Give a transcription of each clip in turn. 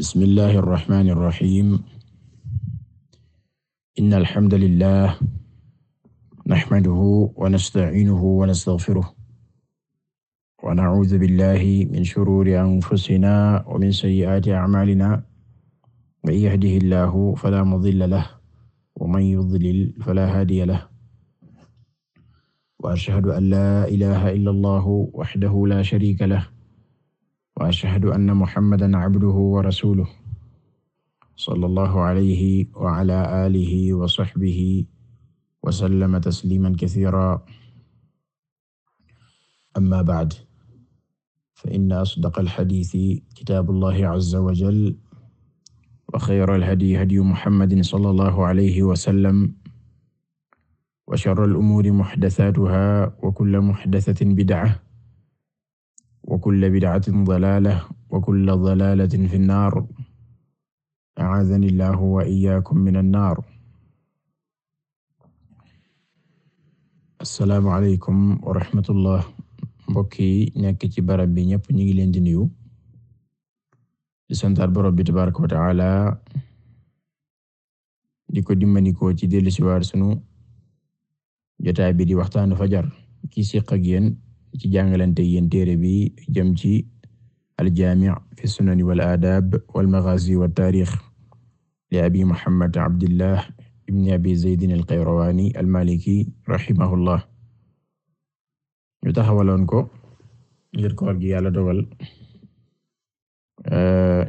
bismillahi irrahmani irrahim in alhamdulillah naxmaduhu wa nastaciinuhu wa nastaxfiruh wa nacuudu billahi min shuruuri anfusina wa min sayyi'aati acmaalina man yahdihi llahu falaa mudilla lahu wa man yudlil falaa haadiya lahu wa ashhadu an laa ilaaha illa allahu waxdahu laa shariika lahu wa ashhadu anna muhammadan cabduhu wa rasuluhu sallallahu alayhi wa ala alihi wa sahbihi wa sallama tasliman kasiira amma bacd fa inna asdaqa alxadiisi kitaabullahi azza wa jal wa xayra alhadyi hadyu muhammadin sallallahu alayhi wa sallam wa sharra al umuuri muxdasatuha wa kulla muxdasatin bidca wa kulla bid'atin dalaala wa kulla dalaalatin fi nnaar a'aazani llaahu wa iyyaakum mina nnaar. Assalaamu aleykum wa rahmatullah. Mbokk yi nekk ci barab bi ñépp ñu ngi leen di nuyu. Di santaat Boroom bi tabaaraka wa ta'aala di ko dimbanikoo ci dellusi waar sunu jotaay bi di waxtaanu fajar ki siq ak yéen. ci jàngalante yéen téere bi jëm ci aljaami' fi sunani wal aadaab wal maghaazi wat taariix li abi muhammad abdillah ibni abi zaydin al-qayrawaani rahimahullah ñu taxawaloon ko ngir koor gi yàlla dogal euh,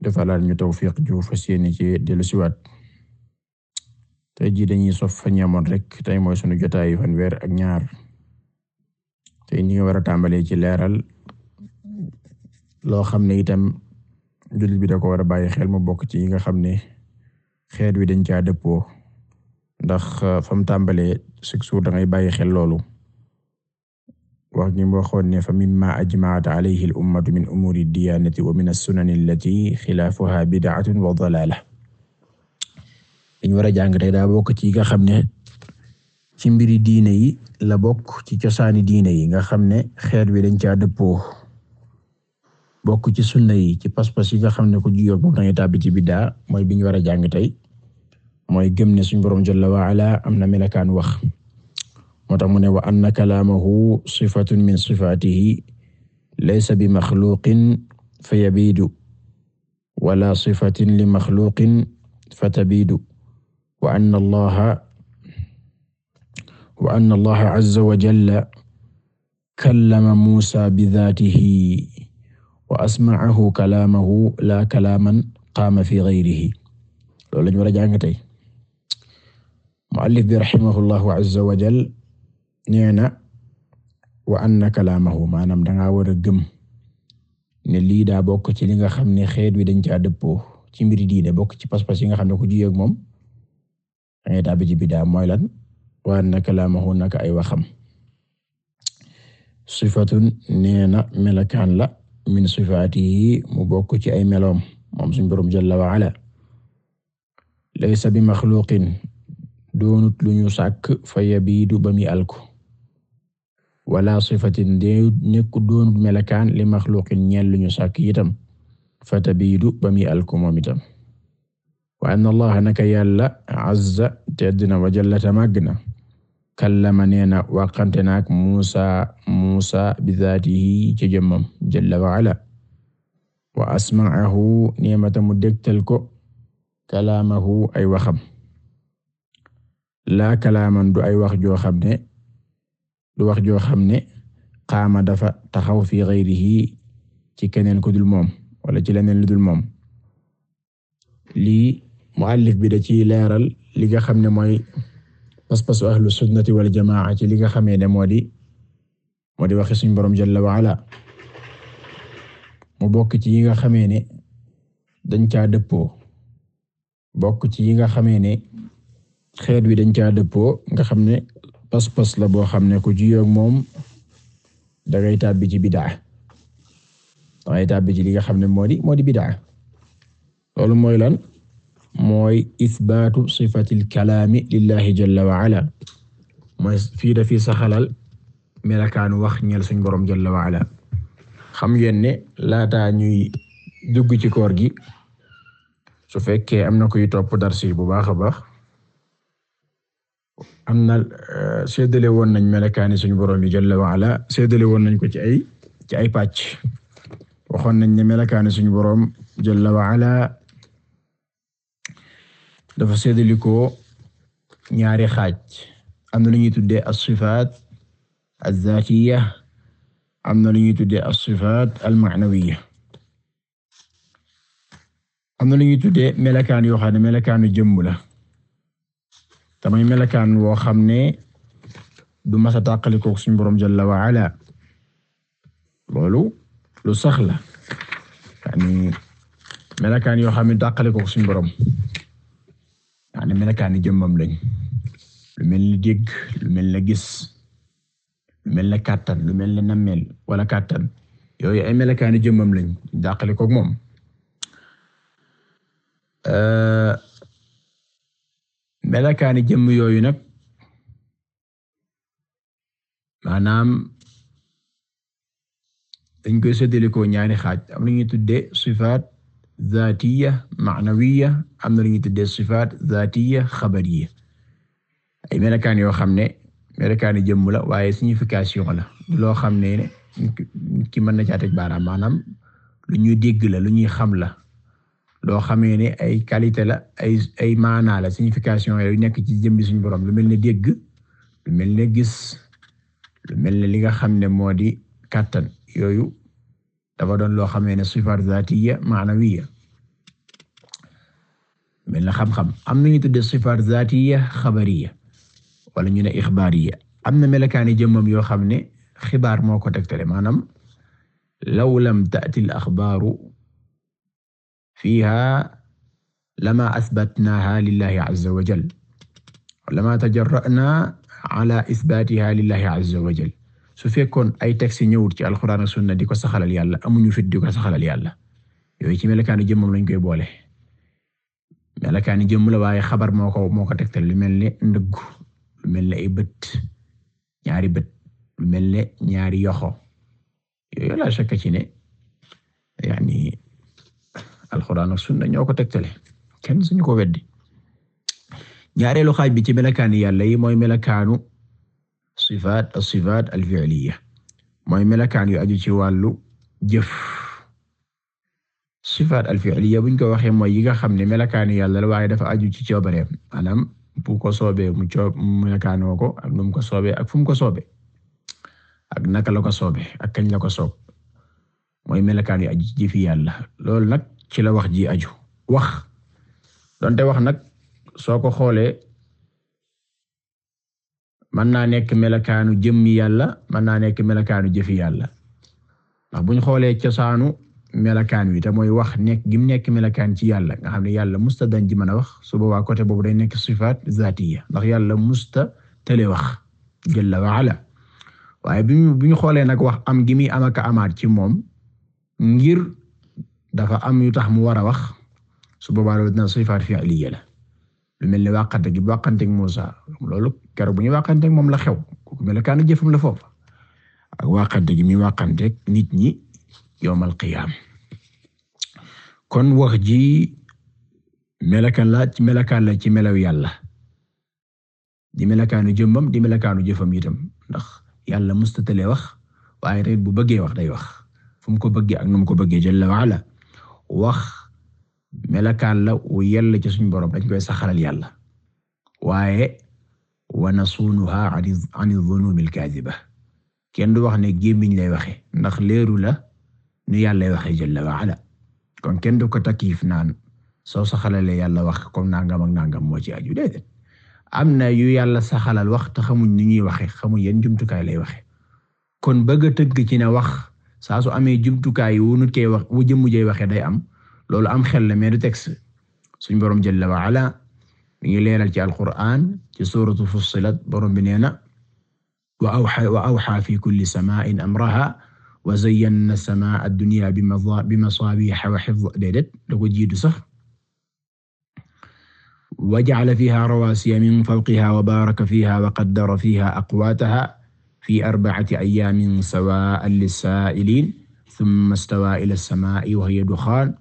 defalaat ñu tawfiq ju fas ci dellusiwaat tey jii dañuy sof fa rek tey mooy sunu jotaayu fanweer ak ñaar te ñu ngi war a tàmbalee ci leeral loo xam ne itam jullit bi da ko war a bàyyi xel mu bokk ci yi nga xam ne xeet wi dañ caa dëppoo ndax uh, fam tàmbalee chaque jour da ngay bàyyi xel loolu wax gi mu waxoon ne fa mimma ajma'at alayhi al ummatu min umuri diyanati war a jàng tey ci yi nga xam ne ci mbiri diine yi la bokk ci cosaani diine yi nga xam ne xeet wi dañ caa dëppoo bokk ci sunna yi ci pas-pas yi nga xam ne ko juyoo boobu dangay tàbbi ci biddaa mooy bi ñu war a jàng mooy gëm ne suñu boroom jalla wa ala am na melakaan wax moo tax mu ne wa anna kalaamahu sifatun min sifaatihi laysa bi maxluqin fa yabiidu wala sifatin li maxluqin fa tabiidu wa anna allaha wa anna allaha azza wa jalla kallama muusa bidaatihi wa asma'ahu kalaamahu laa kalaaman qaama fi ghayrihi loolu lañu war a jàng tey muallif bi rahimahullahu azza wa jalla nee na wa anna kalaamahu maanaam dangaa war a gëm ne lii daa bokk ci li nga xam ne xeet wi dañ caa dëppoo ci mbiri diine bokk ci pas-pas yi nga xam ne ku jiyeg moom dangay tàbbi ci bidaa mooy lan wa anna kalaamahu ay waxam sifatun neena melakaan la min sifaatihi mu bokk ci ay meloom moom suñu boroom jalla wa ala laysa bi maxluqin doonut lu ñu sàkk fa yabiidu ba mi alku wala sifatin de nekku doonut melakaan li maxluqin ñeel lu ñu sàkk fa tabiidu ba mi alku wa anna allaha naka yàlla azza tedd na wa jalla ta màgg na kallama nee na waqante naak Muusa Muusa bi zaatihi ci jëmmam jalla wa ala wa asma'ahu neemata mu dégtal ko kalaamahu ay waxam laa kalaaman du ay wax joo xam ne du wax joo xam ne qaama dafa taxaw fi ghayrihi ci keneen ku dul moom wala ci leneen lu dul moom lii muallif bi da ciy leeral li nga xam ne mooy paspasu ahlu sunnati wal jamaa ci li nga xamee ne moo di moo di waxi suñ borom jalla wa ala mu bokk ci yi nga xamee ne dañ caa dëppoo bokk ci yi nga xamee ne xeet wi dañ caa dëppoo nga xam ne pas-pas la boo xam ne ku jiyoog moom dangay tàbbi ci bidaa dangay tàbbi ci li nga xam ne moo di moo di bidaa loolu mooy lan mooy ithbaatu sifatil kalaami lillahi jalla wa ala mooy fii dafii saxalal melakaan wax ñeel suñ borom jalla wa xam ngeen ne laataa ñuy dugg ci koor gi su fekkee am na kuy topp darsi bu baax a baax am na euh, séddale woon nañ melakaani suñu borom yi jalla waala ala woon nañ ko ci ay ci ay pàcc waxoon nañ ne dafa séddalikoo ñaari xaaj am na lu ñuy tuddee as-sifaat az-zaatiyya am na lu ñuy tuddee as-sifaat al-ma'nawiyya am na lu ñuy tuddee melakaan yoo xam ne melakaanu jëmm la tamay melakaan woo xam ne du masa tàqalikoo suñu boroom jalla wa ala loolu lu sax la yani melakaan yoo xam ne tàqalikoo suñu boroom maanaam melokaani jëmmam lañ lu mel ni dégg lu mel na gis lu mel na kàttan lu mel na nammeel wala kàttan yooyu ay melokaani jëmmam lañ dàqale koog moom euh, melokaani jëmm yooyu nag maanaam dañ koy séddale ko ñaari xaaj am na ñuy tudde sifaat zaatiya maanawiya am na lu ñuy tuddee sifaat zaatiya xabariya ay melokaan yoo xam ne melokaani jëmm la waaye signification la loo xam ne ki mën na caa teg baaraam maanaam lu ñuy dégg la lu ñuy xam la loo xamee ne ay qualité la ay ay maanaa la signification yu nekk ci jëmbi suñu borom lu mel ne dégg lu mel ne gis lu mel ne li nga xam ne moo di kàttan yooyu dafa doon loo xamee ne sifaat zaatiya maanawiya mel na xam-xam am nañu tudde sifaat zaatiya xabariya wala ñu ne ixbaariya am na melakaani jëmmam yoo xam ne xibaar moo ko tegtale maanaam law lam taati al axbaaru fiiha lama asbatnaaha lillahi azza wa jal lama tajarra'naa ala isbaatiha lillahi azza wa jal su fekkoon ay textes ñëwut ci alxuraan ak sunna di ko saxalal yàlla amuñu fit di ko saxalal yooyu ci melakaanu jëmmam lañ koy boole melakaanu jëmm la waaye xabar moo ko moo ko tegtal lu mel ne ndëgg lu mel ne bët ñaari bët lu mel ne ñaari yoxo yooyu laa shakka ci ne yaani alxuraan ak sunna ñoo ko tegtale kenn suñu ko weddi ñaareelu xaaj bi ci melakaanu yàlla yi mooy melakaanu. sifaat as-sifaat al-fi'liyya mooy melakaan yu aju ci wàllu jëf sifaat al-fi'liyya buñ ko waxee mooy yi nga xam ne melakaanu yàlla la waaye dafa aju ci coobareem maanaam bu ko soobee mu coob melakaanoo ko ak nu mu ko soobee ak fu mu ko soobee ak naka la ko soobee ak kañ la ko soob mooy melakaan yu aju ci jëfi yàlla loolu nag ci la wax ji aju wax donte wax nag soo xoolee. mën naa nekk melakaanu jëmmi yàlla mën naa nekk melakaanu jëfi yàlla ndax buñ xoolee cosaanu melakaan wi te mooy wax nekk gim nekk melakaan ci yàlla nga xam ne yàlla musta dañ ci mën a wax su boobaa côté boobu day nekk sifaat zaatiya ndax yàlla musta tële wax jalla wa ala waaye bi ñu xoolee nag wax am gi muy am ak amaat ci moom ngir dafa am yu tax mu war a wax su boobaa loolu dina sifaat fi'liya la lu mel ni wàqante gi bu wàqanteeg Muusa loolu keroog bu ñu wàqanteeg moom la xew kooku melokaanu jëfam la foofu ak wàqante gi mi wàqanteeg nit ñi yawmal qiyaam kon wax ji melokaan la ci melokaan la ci melaw yàlla di melokaanu jëmmam di melokaanu jëfam itam ndax yàlla mustatale wax waaye rek bu bëggee wax day wax fu mu ko bëggee ak nu mu ko bëggee jalla wa ala melakaan la wu yell ci borom dañ koy saxalal yàlla waaye wa nasuunuha ani dhunumil kaadiba kenn du wax ne gémmiñ lay waxe ndax leeru la nu yàlla waxe jalla wa ala kon kenn du ko takiif naan soo saxalalee yàlla wax comme nangam ak nangam moo ci aju déedéet am na yu yàlla saxalal wax te xamuñ ni ñuy waxe xamuñ yan jumtukaay lay waxe kon bëgg a tënk ci ne wax saa su amee jumtukaay wu nu koy wax wu jëmmu jey waxe day am loolu am xel la mais du texte suñ borom jalla wa ala mi ngi leeral ci alquran ci suratu fussilat borom bi nee na wa awha wa awha fi kulli sama'in amraha wa zayyana samaa ad-dunya bi masabiha wa hifdha déedéet da ko jiitu sax wa ja'ala fiha rawasiya min fawqiha wa baraka fiha wa qaddara fiha aqwataha fi arba'ati ayyamin sawa'an lis-sa'ilin thumma istawa ila as-sama'i wa hiya dukhan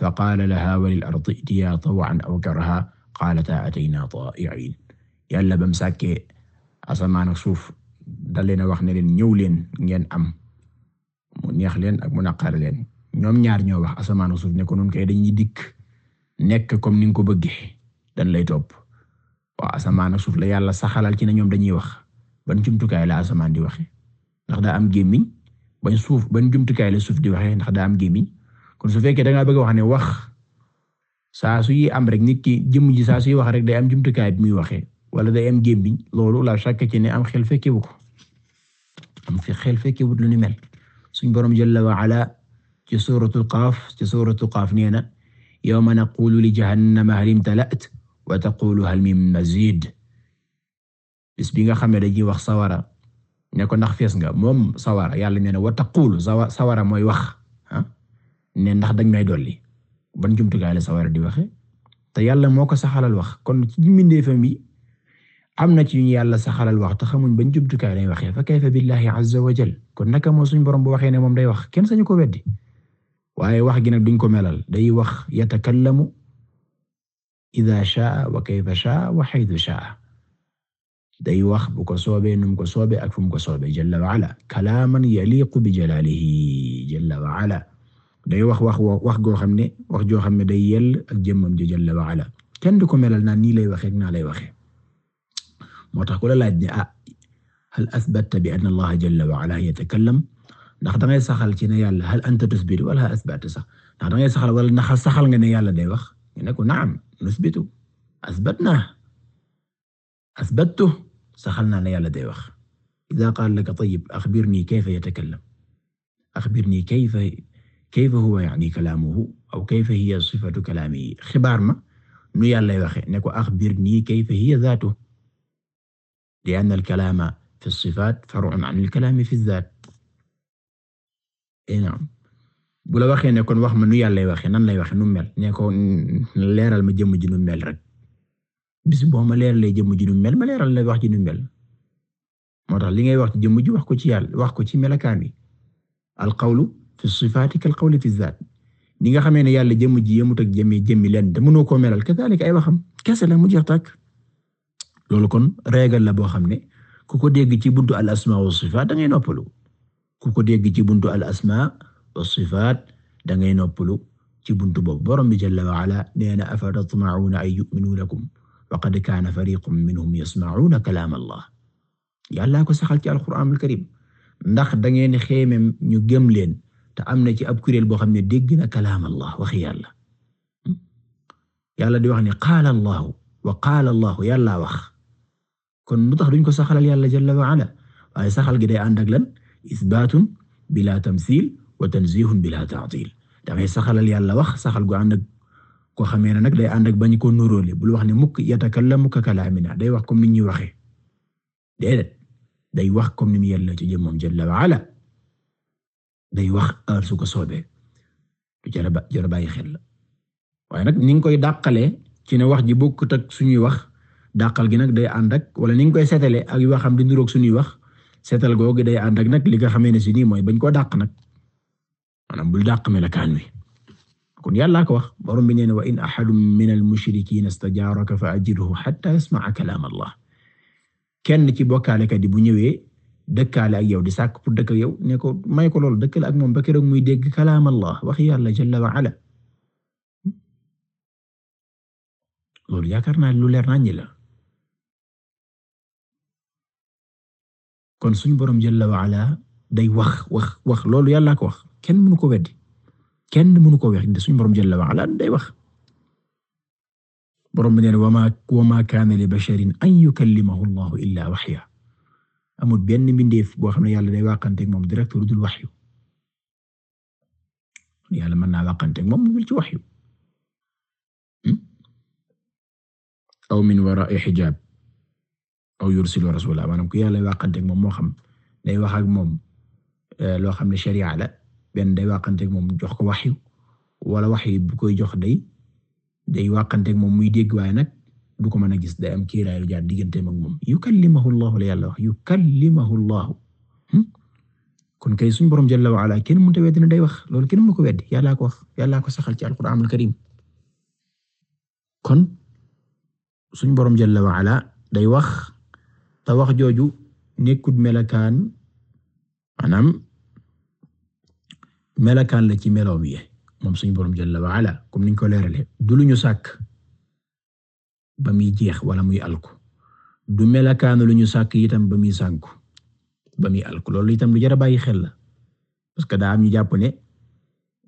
faqaala lahaa wa lil ardi itiyaa taw'an aw karahan qaalataa ataynaa taa'i'iin yàlla bam sàkkee asamaan suuf da leen a wax ne leen ñëw leen ngeen am mu neex leen ak mu naqar leen ñoom ñaar ñoo wax asamaan ak suuf ne ko nun kay dañuy dikk nekk comme ni nga ko bëggee dañ lay topp waaw asamaan ak suuf la yàlla saxalal ci na ñoom dañuy wax ban jumtukaay la asamaan di waxe ndax daa am gémmiñ ban suuf ban jumtukaay la suuf di waxe ndax daa am gémmiñ kon su fekkee da ngaa bëgg a wax ne wax saa suy am rek nit ki jëmm ji saa suy wax rek day am jumtukaay bi muy waxee wala day am gémmiñ loolu la chaque ci am xel fekkewu ko am fi xel fekkewut lu ni mel suñ borom jalla wa ala ci suratul qaaf ci suratul qaaf nee na yawma naqulu li jahannama hal imtala'at wa taqulu hal min mazid bis bi nga xam ne dañuy wax sawara ne ko ndax fees nga moom sawara yàlla nee na wa taqulu sawara mooy wax ne ndax dañ may dolli ban jumtukaay la sawara di waxe te yàlla moo ko saxalal wax kon ci mbindeefam bi am na ci ñu yàlla saxalal wax te xamuñ ban jumtukaay lay waxee fa kayfa billahi azza wa jal kon naka moo suñ borom bu waxee ne moom day wax kenn sañu ko weddi waaye wax gi duñ ko melal day wax yatakallamu idha sha'a wa kayfa sha'a wa haythu sha'a day wax bu ko soobee num ko soobee ak fu mu ko soobe jalla wa ala kalaaman bi jalaalihi jalla wa ala day wax wax wax goo xam ne wax joo xam ne day yell ak jëmmam ji jalla wa ala kenn du ko melal naa nii lay waxee ak naa lay waxee moo tax ku la laaj ne ah hal asbatta bi anna allaha jalla wa ala yatakallam ndax da ngay saxal ci ne yàlla hal anta tusbitu wala hal asbata sax ndax da ngay saxal wala ndax saxal nga ne yàlla day wax nga ne ko naam nusbitu asbatna asbattu saxal naa ne yàlla day wax ida qaal laka tayyib axbirni kayfa yatakallam axbirni kayfa kayfa huwa yaani kalaamuhu aw kayfa hiya sifatu kalaamihi xibaar ma nu yàllay waxe ne ko axbirnii kayfa hiya zaatuhu li anna al-kalaama fi sifaat far'un an al-kalaami fi zaat naam bu la waxee ne kon wax ma nu yàllay waxe nan lay waxe nu mel ne ko leeral ma jëmm ji nu mel rek bis boo ma leeralee jëmm ji nu mel ma leeral la wax ji nu mel moo tax li ngay wax ci jëmm ji wax ko ci yàlla wax ko ci melakaami al qawlu fi sifaatika al-qawli fi zaat ni nga xamee ne yàlla jëmm ji yemut ak jëmmi jëmmi leen te mënoo koo melal kadaalika ay waxam kese la mu jeex tàkk loolu kon régal la boo xam ne ku ko dégg ci buntu al asmaa da ngay noppalu ku ko dégg ci buntu al asmaa wa sifaat da ngay noppalu ci buntu boobu borom bi jalla wa ala nee na afa tatma'uuna an yu'minuu lakum wa qad kaana fariqun minhum yasma'uuna kalaam allah yàlla ko saxal ci alqur'aan alkarim ndax da ngeen xéemem ñu gëm leen te am na ci ab kuréel boo xam ne dégg na kalaam allah waxi yàlla yàlla di wax ne qaala allahu wa qaala allahu yàlla wax kon lu tax duñ ko saxalal yàlla jalla wa ala waaye saxal gi day ànd ak lan isbaatun bila tamsil wa tanzihun bila ta'til dafay saxalal yàlla wax saxal gu ànd ak koo xamee ne nag day ànd ak bañ ko nuróole bul wax ne mukk yatakallamu ka kalaamina day wax comme ni ñuy waxee déedéet day wax comme ni mu yàlla ci jëmmam jalla wa day wax heure ko soobee du jar a bàyyi xel la waaye nag ni nga koy dàqalee ci ne wax ji bokkut ak suñuy wax dàqal gi nag day ànd ak wala ni nga koy seetalee ak yu waxam di niroog suñuy wax seetal googu day ànd ak nag li nga xamee ne si nii mooy bañ koo dàq nag maanaam bul dàq melakaan wi kon yàllaa ko wax borom bi nee na wa in ahadun min al-mushrikiina istajaaraka fa ajirhu hatta yasma'a kalaam Allah kenn ci bokkaalekat yi bu ñëwee dëkkaale ak yow di sàkk pour dëkk yow ne ko may ko loolu dëkkale ak moom ba keroog muy dégg kalaam Allah wax yàlla jalla wa ala loolu yaakaar naa lu leer nañu la kon suñu borom jalla wa day wax wax wax loolu yàlla ko wax kenn mënu ko weddi kenn mënu ko weddi suñu borom jalla wa ala day wax borom bi ne wa ma wa an yukallimahu Allah illa waxya amul benn mbindeef boo xam ne yàlla day waqanteeg moom direct lu dul waxyu yàlla mën naa waqanteeg moom lu dul ci waxyu hmm? aw min wara'i hijab aw yursilu rasula maanaam ku yàlla waqanteeg moom moo xam day wax ak moom eh, loo xam ne sharia benn day waqanteeg moom jox ko waxyu wala waxyu bu koy jox day day waqanteeg moom muy dégg waaye nag du ko mën a gis day am kiiraayu jaar digganteem ak moom yukallimahu llahu la yàlla wax yukallimahu llahu hmm? kon kay suñu borom jalla wa ala kenn mënta weddi ne day wax loolu kenn mënu ko weddi yàllaa ko wax yàllaa ko saxal ci alquraanul karim kon suñu borom jalla wa ala day wax te wax jooju nekkut melakaan maanaam melakaan la ci meloom yi moom suñu borom jalla wa ala comme niñ ko leerale du lu ñu sàkk ba muy jeex wala muy alku du melakaanu lu ñu sàkk yitam ba muy sànku ba muy alku loolu itam lu jar a bàyyi xel la parce que daa am ñu jàpp ne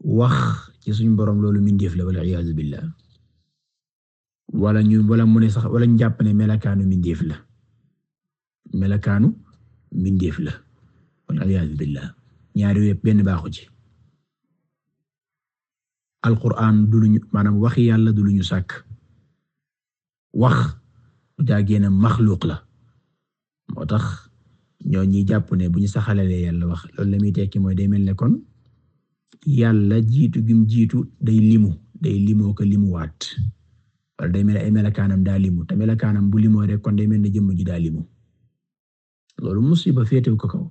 wax ci suñu boroom loolu mindeef la wala iyaazu billah wala ñu wala mu ne sax wala ñu jàpp ne melakaanu mindeef la melakaanu mindeef la wala iyaazu billah ñaari yépp benn baaxu ci alquran du luñu maanaam waxi yàlla du luñu sàkk wax du caagéene la moo tax ñoo ñi jàpp ne bu ñu saxalalee yàlla wax loolu la muy tekki mooy day mel ne kon yàlla jiitu gim jiitu day limu day limoo ko limuwaat wala day mel ay melakaanam daa ta te melakaanam bu limoo rek kon day mel ne jëmm ji daal limu loolu musiba féetew ko kaw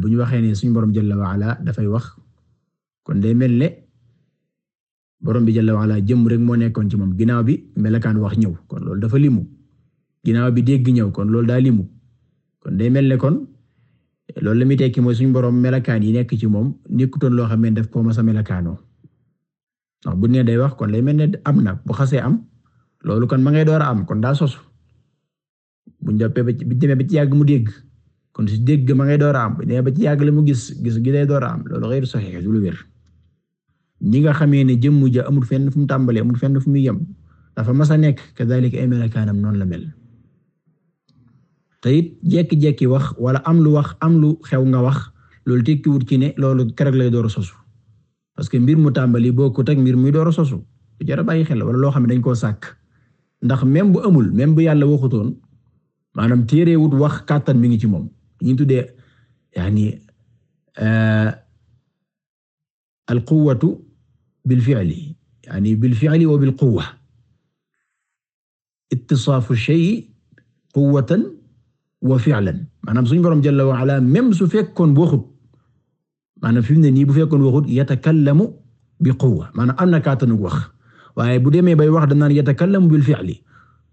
bu ñu waxee ne suñu borom jalla wa ala dafay wax kon day mel ne borom bi wax wala jëmm rek moo nekkoon ci moom ginnaaw bi melakaan wax ñëw kon loolu dafa limu ginnaaw bi dégg ñëw kon loolu daa limu kon day mel ne kon loolu la muy tekki mooy suñu borom melakaan yi nekk ci moom nekkutoon loo xam ne daf koo masa melakaanoo ndax bu ne day wax kon day mel ne am na bu xasee am loolu kon ma ngay door a am kon daa sosu buñ jàppee ba ci demee ba ci yàgg mu dégg kon si dégg ma ngay doora am bu ba ci yàgg la mu gis gis gi day door am loolu xëy na soxee lu wér. ñi nga xamee ne jëmm ja amul fenn fu mu tàmbalee amul fenn fu mu yem dafa mas a nekk kadhalika ay melakaanam noonu la mel te it jekki-jekki wax wala am lu wax am lu xew nga wax loolu tekkiwut ci ne loolu keroog lay door a sosu parce que mbir mu tàmbali bokkut ak mbir muy door a sosu lu jar a bàyyi xel wala loo xam ne dañ koo sàkk ndax même bu amul même bu yàlla waxutoon maanaam téerewut wax kàttan mi ngi ci moom ñu tuddee yaani euh, al quwwatu بالفعل يعني بالفعل وبالقوة اتصاfu shay quwwatan wa fi'lan maanaam suñu borom jalla wa ala même su fekkoon waxut maanaam fi mu ne nii bu fekkoon waxut yatakallamu bi quwwa maanaam am na kàttanu wax waaye bu demee bay wax danaan yatakallamu bil fi'li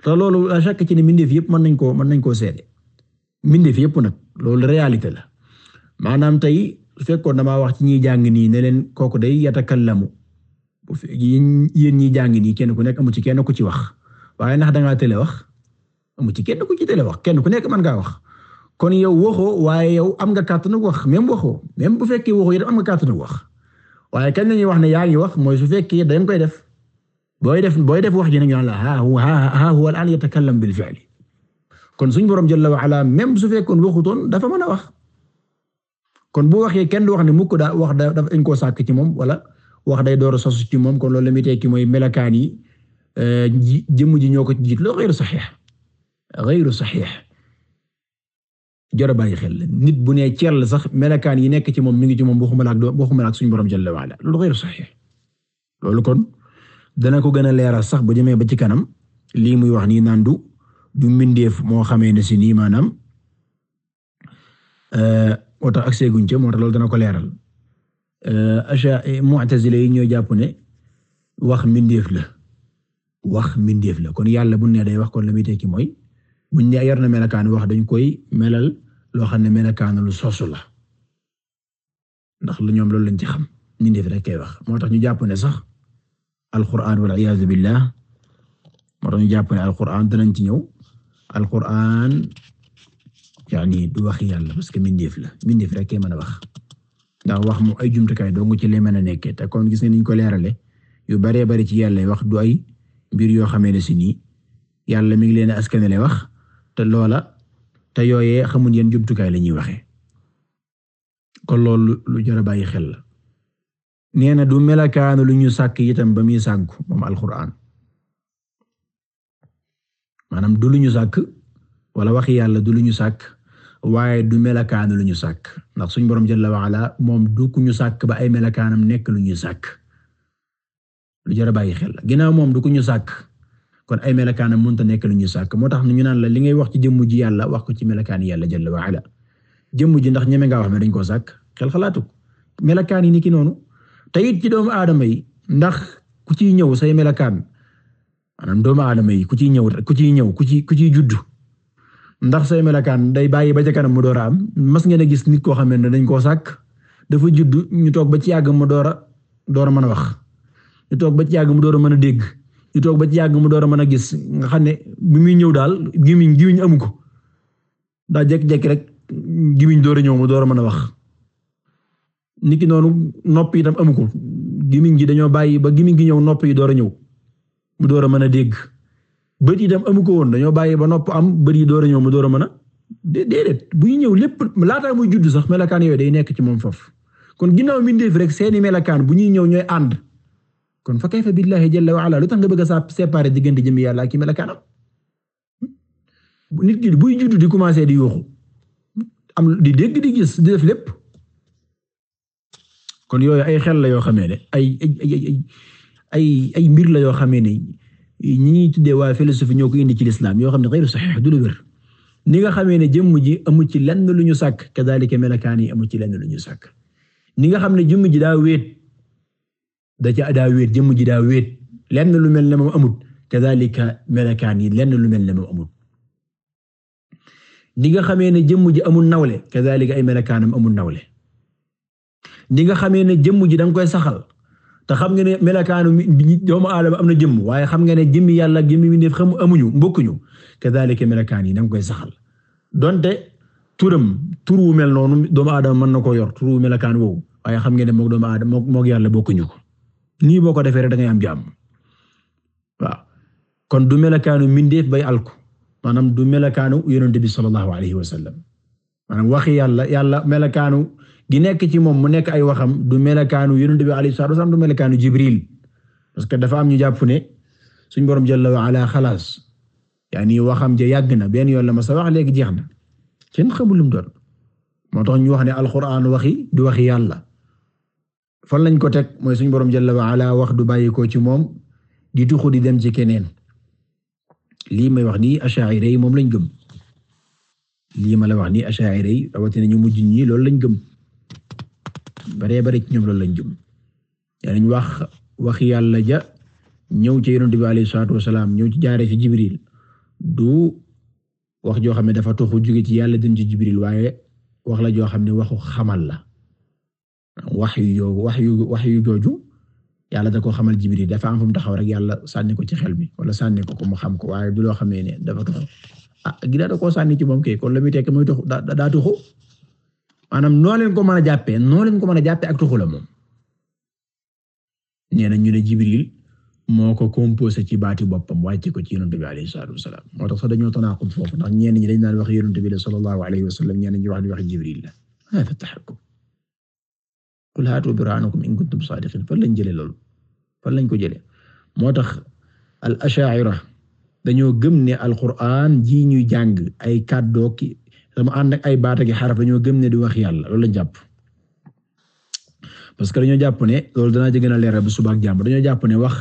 te loolu la shakk ci ne mbindeef yëpp mën nañ koo mën nañ koo seede mbindeef yëpp nag loolu réalité la maanaam tey su fekkoon damaa wax ci ñiy jàng nii ne leen kooku day yatakallamu yéen yéen ñi jàng nii kenn ku nekk amu ci kenn ku ci wax waaye ndax da ngaa télé wax amu ci kenn ku ci télé wax kenn ku nekk mën ngaa wax kon yow waxoo waaye yow am nga kàttanu wax même waxoo même bu fekkee waxoo yow am nga kàttanu wax waaye kañ la ñuy wax ne yaa ngi wax mooy su da nga koy def booy def booy def wax ji nañu la ha ha huwa al-aan yatakallam bil fi'l kon suñu borom jalla wa ala même su fekkoon waxutoon dafa mën a wax kon bu waxee kenn du wax ne mukk daa wax dañ koo sàkk ci moom wala. wax day door a sos ci moom kon loolu la muy tekki mooy melakaan yi euh, jëmm ji ñoo ko ci jiit loo xayru saxiix xayru saxiix bàyyi xel nit bu nee ceel sax melekaan yi nekk ci moom mi ngi ci moom waxumala ak waxumala ak suñu borom jalla waala loolu xayru saxiix loolu kon dana ko gën a leeral sax bu demee ba ci kanam lii muy wax nii naan du du mbindeef moo xamee ne si nii maanaam euh, moo tax ak seeguñ ca moo loolu dana ko leeral. Euh, acha mu'tazila yi ñoo jàpp ne wax mindeef la wax mindeef la kon yàlla bu ne day wax kon la muy ki mooy buñ ne yor na melakaanu wax dañ koy melal loo xam ne melakaanu lu sosu la ndax lu ñoom loolu lañ ci xam mindeef rek kay wax moo tax ñu jàpp ne sax alquran wal iyaazu billah moo tax jàpp ne alquran ci ñëw alquran du wax yàlla parce que mindeef la mindeef rek kay mën wax ndax wax mu ay jumtukaay dong ci lay mën a nekkee te kon gis nga niñ ko leerale yu baree bari ci yàlla wax du ay mbir yoo xamee ne si nii yàlla mi ngi leen askanale wax te loola te yooyee xamuñ yeen jumtukaay la ñuy waxee kon loolu lu jar a bàyyi xel la nee na du melakaanu lu ñu sàkk itam ba muy sànku moom alxuraan waxi yàlla du lu ñu sàkk waaye du melakaan lu ñu sàkk ndax suñ borom jalla wa ala moom du ku ñu sàkk ba ay melakaanam nekk lu ñuy sàkk lu jar a bàyyi xel ginnaaw moom du ku ñu sàkk kon ay melakaanam mënta nekk lu ñu sàkk moo tax ñu naan la li ngay wax ci jëmm ji yàlla wax ko ci melakaan yàlla jalla wa ala jëmm ji ndax ñeme ngaa wax ne dañ koo sàkk xel xalaatu melakaan yi ni noonu te ci doomu aadama yi ndax ku ciy ñëw say melakaan maanaam doomu aadama yi ku ciy ñëw ku ciy ñëw ku ciy ku ciy juddu. ndax say melokaan day bàyyi ba ca mu door a am mas ngeen a gis nit koo xam ne dañ koo sàkk dafa judd ñu toog ba ci yàgg mu door a door a mën a wax ñu toog ba ci yàgg mu door a mën a dégg ñu ba ci yàgg mu door a mën a gis nga xam ne bi muy ñëw daal gimiñ gimiñ amu ko daa jékki-jékki rek gimiñ door a ñëw mu door a mën a wax nit ki noonu nopp itam amu ko gimiñ gi dañoo bàyyi ba gimiñ gi ñëw nopp yi door a ñëw mu door a mën a dégg bët yi dem amu ko woon dañoo bàyyi ba nopp am bët yi door a ñëw mu door a mën a déedéet bu ñu ñëw lépp laataa muy judd sax melakaan yooyu day nekk ci moom foofu kon ginnaaw mbindeef rek seeni melakaan bu ñuy ñëw ñooy ànd kon fa kayfa billahi jalla wa ala lu tax nga bëgg a sa séparer diggante jëmmi yàlla ak i melakaanam nit ki buy judd di commencer di yuuxu am di dégg di gis def lépp kon yooyu ay xel la yoo xamee ne ay ay ay ay mbir la yoo xamee ne ñi ñuy tuddee waa philosophie ñoo ko indi ci lislaam yoo xam ne xayru saxiix du lu wér ni nga xamee ne jëmm ji amu ci lenn lu ñu sàkk kadaalika melakaan yi amu ci lenn lu ñu sàkk ni nga xam ne jëmm ji daa wéet ca daa wéet jëmm ji daa wéet lenn lu mel ne moom amut kadaalika melakaan yi lenn lu mel ne moom amut ni nga xamee ne jëmm ji amul nawle kadaalika ay melakaanam amul nawle ni nga xamee ne jëmm ji danga koy saxal te xam nga ne melakaanu doomu aadama am na jëmm waaye xam nga ne jëmmi yàlla ak jëmmi mbindeef xam amuñu mbokkuñu kadhalika melekaan yi da koy saxal donte turam tur wu mel noonu doomu aadama mën na koo yor tur wu melakaan woowu waaye xam nga ne mook doomu aadama mook yàlla bokkuñu ko nii boo ko defee rek da ngay am jàmm waaw kon du melakaanu mbindeef bay alku maanaam du melakaanu yonent bi sallallahu alayhi wa sallam waxi yàlla yàlla di nekk ci moom mu nekk ay waxam du melakaanu yonent bi alayhi salaatu wasallam du melakaanu Jibril parce que dafa am ñu jàpp ne suñ borom jalla wa ala xalaas yaani waxam ja yàgg na benn yoon la ma sa wax léegi jeex na kenn xamul lu mu doon moo tax ñu wax ne alquran waxi du waxi yàlla fan lañ ko teg mooy suñ borom jalla wa ala wax du bàyyi ko ci moom di tuxu di dem ci keneen lii may wax nii ash'ari yi moom lañ gëm lii ma la wax nii ash'ari yi rawatina ñu mujj ñi loolu lañ gëm. baree bari ci ñoom loolu lañ jum danañ wax wax yàlla ja ñëw ci yonent bi alayhi salaatu wasalaam ñëw ci jaaree ci Jibril du wax joo xam ne dafa toxu jóge ci yàlla dem ci Jibril waaye wax la joo xam ne waxu xamal la wax yoo wax yu wax yu jooju yàlla da ko xamal Jibril dafa am fu mu taxaw rek yàlla sànni ko ci xel mi wala sànni ko mu xam ko waaye du loo xamee ne dafa toxu ah gi daa da sànni ci moom kon la muy daa toxu maanaam noo leen ko mën a jàppee ko mën a jàppee ak tuxu la moom nee na ñu ne Jibril moo ko composé ci baati boppam wàcce ko ci yonent bi alayhi salaatu wasalaam moo tax sax dañoo tanaqud foofu ndax ñenn ñi dañ naan wax yonent bi la sallallahu alayhi wasallam ñenn ñi wax di wax Jibril la haaza tahakkum qul haatu burhaanakum in kuntum saadiqiin fan lañ jëlee loolu fan lañ ko jëlee moo tax al ashaa'ira gëm ne al qur'aan ji ñuy jàng ay kàddooki dama ànd ak ay baat ak xaraf dañoo gëm ne di wax yàlla loolu jàpp parce que dañoo jàpp ne loolu danaa ci gën a leeral bu suba ak jàmm dañoo jàpp ne wax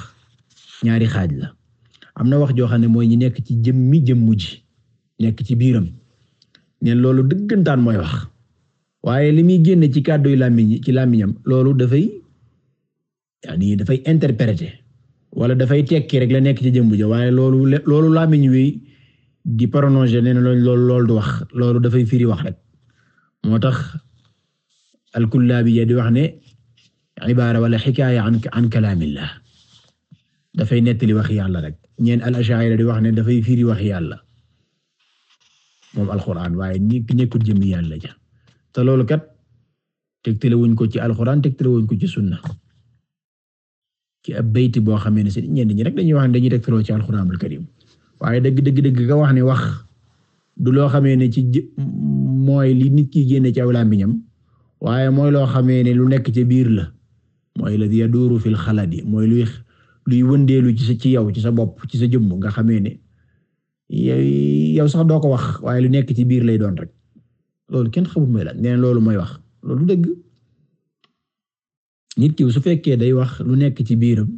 ñaari xaaj la am na wax joo xam ne mooy ñi nekk ci jëmmi jëmmu ji nekk ci biiram ne loolu dëggantaan mooy wax waaye li muy génn ci kàddu yu làmmiñ ci làmmiñam loolu dafay yaani dafay interpréter wala dafay tekki rek la nekk ci jëmmu ji waaye loolu loolu làmmiñ wi di prononcé nee na loolu loolu du wax loolu dafay fiiri wax rek moo tax al-Kullaabi di wax ne ibaara wala xikaaya an an kalaamillah dafay nettali wax yàlla rek ñeen al di wax ne dafay fiiri wax yàlla moom alquran waaye ñi nekkul jëmm yàlla ja te loolu kat tegtale wuñ ko ci alquran tegtale wuñ ko ci sunna ci a bayti boo xamee ne si ñenn ñu rek dañuy wax ne dañuy tegtaloo ci alquran al karim waaye dëgg dëgg dëgg nga wax ni wax du loo xamee ne ci mooy li nit ki génne ci aw làmmiñam waaye mooy loo xamee ne lu nekk ci biir la mooy la yaduuru fil xaladi mooy luy luy wëndeelu ci sa ci yow ci sa bopp ci sa jëmm nga xamee ne yow sax doo ko wax waaye lu nekk ci biir lay doon rek loolu kenn xamul mooy la nee loolu mooy wax loolu dëgg nit ki su fekkee day wax lu nekk ci biiram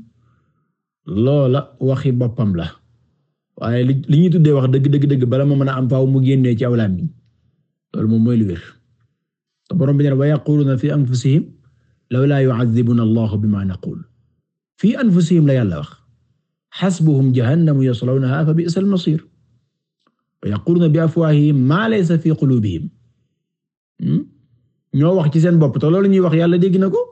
loola waxi boppam la. waaye li li ñuy tuddee wax dëgg dëgg dëgg bala ma mën a am faaw mu génnee ci aw làmmiñ loolu moom mooy lu wér te borom bi ne wa yaquluuna fi anfusihim lawlaa yu'adhibuna allahu bimaa naqul fi anfusihim la yàlla wax xasbuhum jahannamu yaslawnaha fa bi'sa al-masiir wa yaquluuna bi afwaahihim maa laysa fi quluubihim hmm? ñoo wax ci seen bopp te loolu ñuy wax yàlla dégg na ko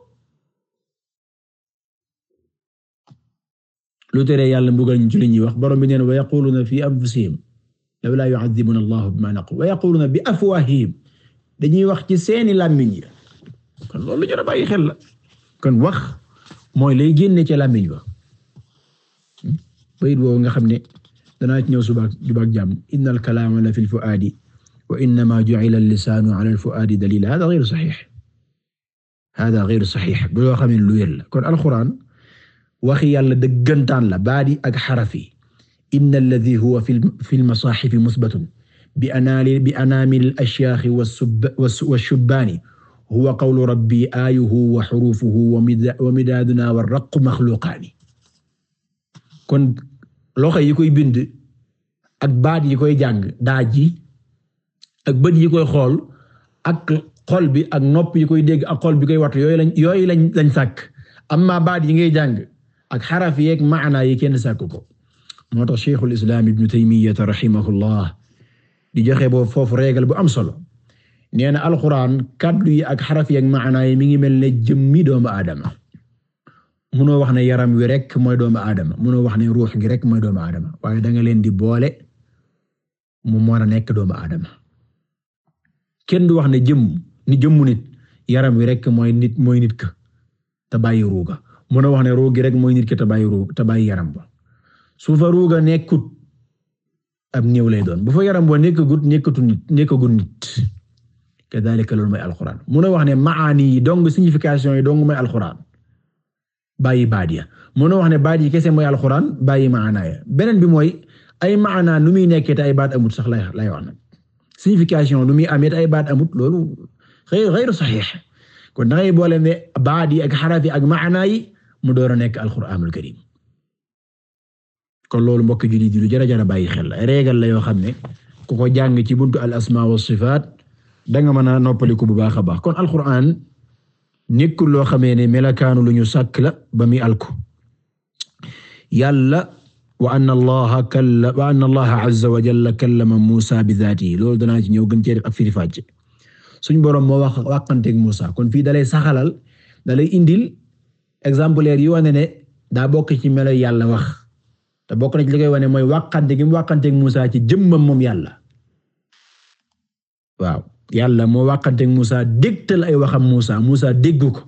lu tere yàlla mbugal ñu julli ñi wax borom bi neen wa yaquluuna fi anfusihim law laa yu'adhibuna allahu bima naqul wa yaquluuna bi afwahihim dañuy wax ci seeni làmmiñ yi kon loolu ñu bàyyi xel la kon wax mooy lay génne ca làmmiñ ba bayit boobu nga xam ne danaa ci ñëw subaak jubaak jàmm inna al kalaama la fi al fuaadi wa innama ju'ila al lisaanu ala al fuaadi dalil hada ghayru sahih hada ghayru sahih bu loo xam ne lu wér la kon alxuraan waxi yàlla dëggantaan la baadi ak xarafi in inna alladi fi lmasaaxifi musbatun bi anaali bi anaamil al-ashyaaxi wash rabbi aayuhu wa xuruufuhu wa midaaduna wa raqu maxluuqaani kon loxo yi koy bind ak baat yi koy jàng daaj yi ak bët yi koy xool ak xol bi ak nopp yi koy dégg ak xol bi koy wattu yooyu lañ yooyu lañ lañ sàkk amma baat yi ngay jàng ak xaraf yeeg maana yi kenn sàkku ko moo tax cheikhul islam ibnu taymiyya rahimahullah di joxe boo foofu régal bu am solo nee na alxuraan kaddu yi ak xaraf yi ak maana yi mi ngi mel ne jëmmi doomu aadama munoo wax ne yaram wi rek mooy doomu aadama munoo wax ne ruux gi rek mooy doomu aadama waaye danga leen di boole mu mën a nekk doomu aadama kenn du wax ne jëmm ni jëmmu nit yaram wi rek mooy nit mooy nit ka te bàyyi mën a wax ne ruu gi rek mooy nit ki tabaay ruu tabaay yaram ba su fa ruu ga nekkut ab néew lay doon bu fa yaram ba nekkagut nekkatu nit nekkagut nit kadhalika loolu mooy alquran mën a wax ne maani yi dong signification yi dong mooy baat ya mën a wax ne baat yi kese mooy alquran bàyyi maanaa beneen bi mooy ay maanaa nu muy nekkee te ay baat amut sax lay lay wax nag signification nu muy amee te ay baat amut loolu xëy xëyru saxiix kon dangay boole ne baat yi ak xaraf yi ak maanaa yi mu door a nekk alquranul karim kon loolu mbokk jullit yi lu jar bàyyi xel réegal la yoo xam ne ku ko jàng ci buntu al asma wa sifaat danga mën a noppaliku bu baax a baax kon alquran nekkul loo xamee ne melakaanu lu ñu sàkk la ba muy alku yàlla wa anna allaha kalla wa anna allaha azza wa jalla kallama Musa bi zaatihi loolu ci ñëw gën cee suñ boroom moo wax dalay saxalal dalay indil exemplaire yi wane ne daa bokk ci melo yàlla wax te bokk na ci li koy wane mooy wàqante gi mu wàqanteeg Musa ci jëmmam moom yàlla waaw yàlla moo wàqanteeg Musa dégtal ay waxam Musa Musa dégg ko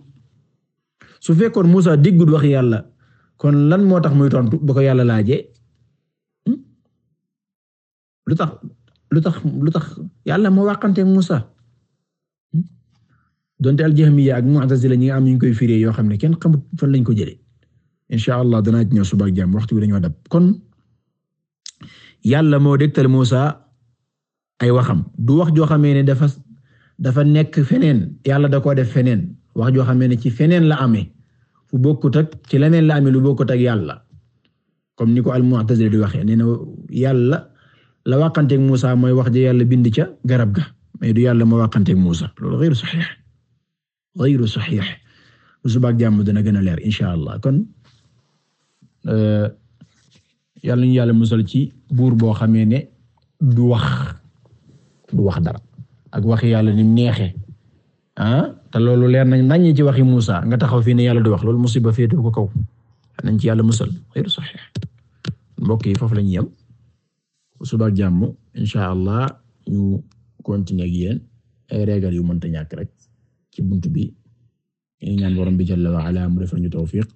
su fekkoon Musa déggul wax yàlla kon lan moo tax muy tontu ba ko yàlla laajee hmm? lu tax lu tax lu tax yàlla moo wàqanteeg Musa donte al-Jahmiyya ak Mu'tazila ñi nga am ñu ngi koy firé yoo xam ne kenn xamut fan lañ ko jëlee insha allah danaa ci ñëw suba ak jàmm waxtu bi dañoo dab kon yàlla moo dégtal Muusa ay waxam du wax joo xamee ne dafa dafa nekk feneen yàlla da koo def feneen wax joo xamee ne ci feneen la amee fu bokkut ak ci leneen la amee lu bokkut yàlla comme ni ko al-Mu'tazila di waxee nee na yàlla la wàqanteeg Muusa mooy wax ja yàlla bind ca garab ga mais du yàlla moo wàqanteeg Muusa loolu ghayr sahih ghayru sahih bu subaak jàmm dina gën a leer insha allah kon euh, yàlla ñu yàlla musal ci buur boo xamee ne du wax du wax dara ak waxi yàlla ni neexe ah te loolu leer nañ nañ ci waxi Muusa nga taxaw fii ne yàlla du wax loolu musiba féete ko kaw nañ ci yàlla musal ghayru sahih mbokk yi foofu la ñu yem bu subaak jàmm insha allah ñu continuer ak yéen ay régal yu mënta ñàkk rek ci buntu bi ñu ñaan borom bi jalla wa ala mu defal ñu tawfiq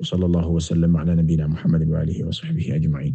wa sallallahu wa sallam ala nabiyyina muhammadin wa alihi wa sahbihi ajma'in